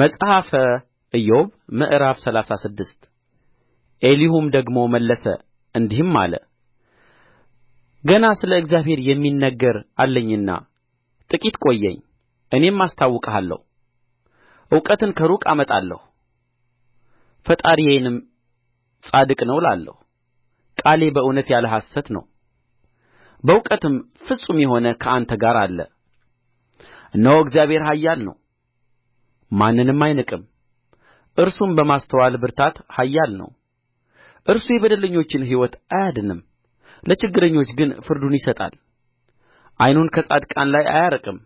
መጽሐፈ ኢዮብ ምዕራፍ ሰላሳ ስድስት ኤሊሁም ደግሞ መለሰ እንዲህም አለ ገና ስለ እግዚአብሔር የሚነገር አለኝና ጥቂት ቆየኝ እኔም አስታውቅሃለሁ እውቀትን ከሩቅ አመጣለሁ ፈጣሪዬንም ጻድቅ ነው እላለሁ ቃሌ በእውነት ያለ ሐሰት ነው በእውቀትም ፍጹም የሆነ ከአንተ ጋር አለ እነሆ እግዚአብሔር ኃያል ነው ማንንም አይንቅም እርሱም በማስተዋል ብርታት ኃያል ነው እርሱ የበደለኞችን ሕይወት አያድንም ለችግረኞች ግን ፍርዱን ይሰጣል ዓይኑን ከጻድቃን ላይ አያርቅም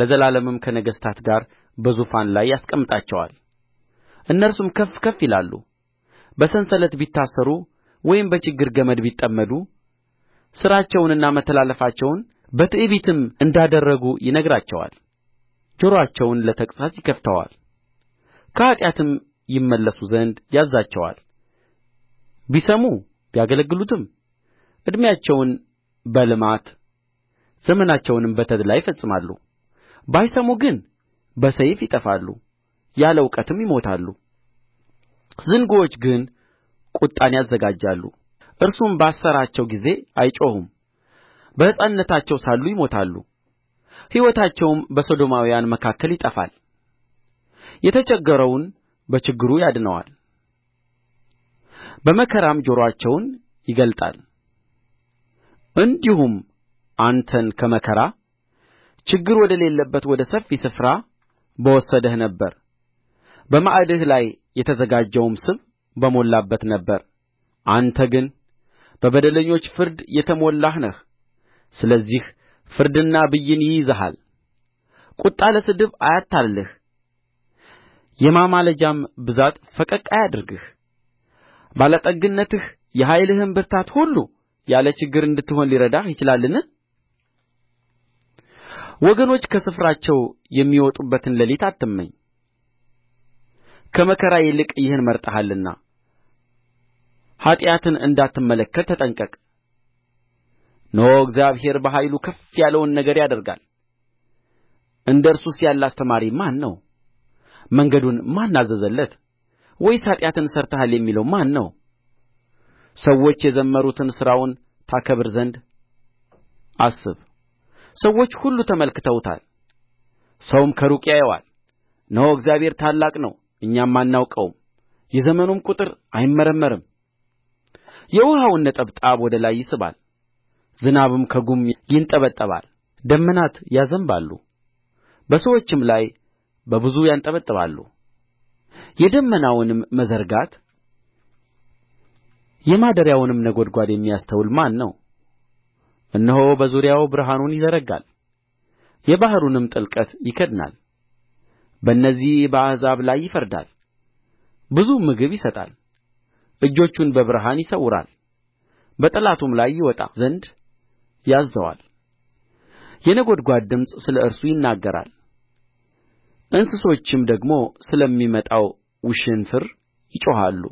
ለዘላለምም ከነገሥታት ጋር በዙፋን ላይ ያስቀምጣቸዋል እነርሱም ከፍ ከፍ ይላሉ በሰንሰለት ቢታሰሩ ወይም በችግር ገመድ ቢጠመዱ ሥራቸውንና መተላለፋቸውን በትዕቢትም እንዳደረጉ ይነግራቸዋል ጆሮአቸውን ለተግሣጽ ይከፍተዋል ከኃጢአትም ይመለሱ ዘንድ ያዝዛቸዋል ቢሰሙ ቢያገለግሉትም ዕድሜያቸውን በልማት ዘመናቸውንም በተድላ ይፈጽማሉ ባይሰሙ ግን በሰይፍ ይጠፋሉ ያለ እውቀትም ይሞታሉ ዝንጉዎች ግን ቍጣን ያዘጋጃሉ እርሱም ባሰራቸው ጊዜ አይጮኹም በሕፃንነታቸው ሳሉ ይሞታሉ ሕይወታቸውም በሰዶማውያን መካከል ይጠፋል የተቸገረውን በችግሩ ያድነዋል በመከራም ጆሮአቸውን ይገልጣል እንዲሁም አንተን ከመከራ ችግር ወደሌለበት ወደ ሰፊ ስፍራ በወሰደህ ነበር በማዕድህ ላይ የተዘጋጀውም ስብ በሞላበት ነበር አንተ ግን በበደለኞች ፍርድ የተሞላህ ነህ ስለዚህ ፍርድና ብይን ይይዝሃል ቍጣ ለስድብ አያታልልህ የማማለጃም ብዛት ፈቀቅ አያድርግህ ባለጠግነትህ የኃይልህም ብርታት ሁሉ ያለ ችግር እንድትሆን ሊረዳህ ይችላልን ወገኖች ከስፍራቸው የሚወጡበትን ሌሊት አትመኝ ከመከራ ይልቅ ይህን መርጠሃልና ኃጢአትን እንዳትመለከት ተጠንቀቅ እነሆ እግዚአብሔር በኃይሉ ከፍ ያለውን ነገር ያደርጋል እንደ እርሱስ ያለ አስተማሪ ማን ነው መንገዱን ማን አዘዘለት ወይስ ኃጢአትን ሠርተሃል የሚለው ማን ነው ሰዎች የዘመሩትን ሥራውን ታከብር ዘንድ አስብ ሰዎች ሁሉ ተመልክተውታል ሰውም ከሩቅ ያየዋል እነሆ እግዚአብሔር ታላቅ ነው እኛም አናውቀውም የዘመኑም ቍጥር አይመረመርም የውኃውን ነጠብጣብ ወደ ላይ ይስባል ዝናብም ከጉም ይንጠበጠባል ደመናት ያዘንባሉ በሰዎችም ላይ በብዙ ያንጠባጥባሉ የደመናውንም መዘርጋት የማደሪያውንም ነጐድጓድ የሚያስተውል ማን ነው እነሆ በዙሪያው ብርሃኑን ይዘረጋል የባሕሩንም ጥልቀት ይከድናል በእነዚህ በአሕዛብ ላይ ይፈርዳል ብዙ ምግብ ይሰጣል እጆቹን በብርሃን ይሰውራል በጠላቱም ላይ ይወጣ ዘንድ ያዝዘዋል የነጐድጓድ ድምፅ ስለ እርሱ ይናገራል እንስሶችም ደግሞ ስለሚመጣው ውሽንፍር ይጮኻሉ